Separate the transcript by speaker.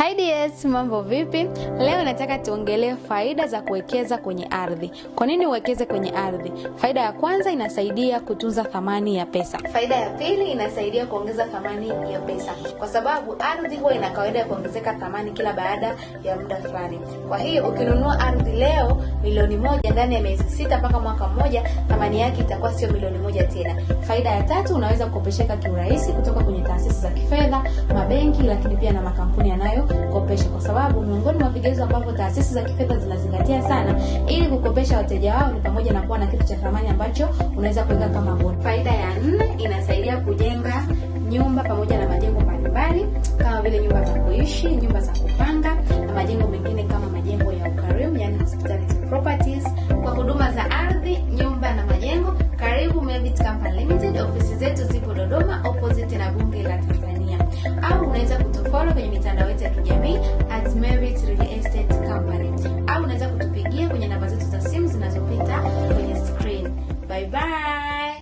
Speaker 1: Hi dears, mambo vipi? Leo nataka tuongelee faida za kuwekeza kwenye ardhi. Kwa nini uwekeze kwenye ardhi? Faida ya kwanza inasaidia kutunza thamani ya pesa.
Speaker 2: Faida ya pili inasaidia kuongeza thamani ya pesa, kwa sababu ardhi huwa ina kawaida ya kuongezeka thamani kila baada ya muda fulani. Kwa hiyo ukinunua ardhi leo milioni moja, ndani ya miezi sita mpaka mwaka mmoja, thamani yake itakuwa sio milioni moja tena. Faida ya tatu, unaweza kukopesheka kiurahisi kutoka kwenye taasisi za kifedha, mabenki, lakini pia na makampuni yanayo Miongoni mwa vigezo ambavyo taasisi za kifedha zinazingatia sana ili kukopesha wateja wao ni pamoja na kuwa na kitu cha thamani ambacho unaweza kuweka kama bond.
Speaker 3: Faida ya nne inasaidia kujenga nyumba pamoja na majengo mbalimbali kama vile nyumba za kuishi, nyumba za kupanga na majengo mengine kama majengo ya ukarimu, yani hospitality properties. Kwa huduma za ardhi, nyumba na majengo, karibu Mevity Company Limited. Ofisi zetu zipo Dodoma opposite na bunge la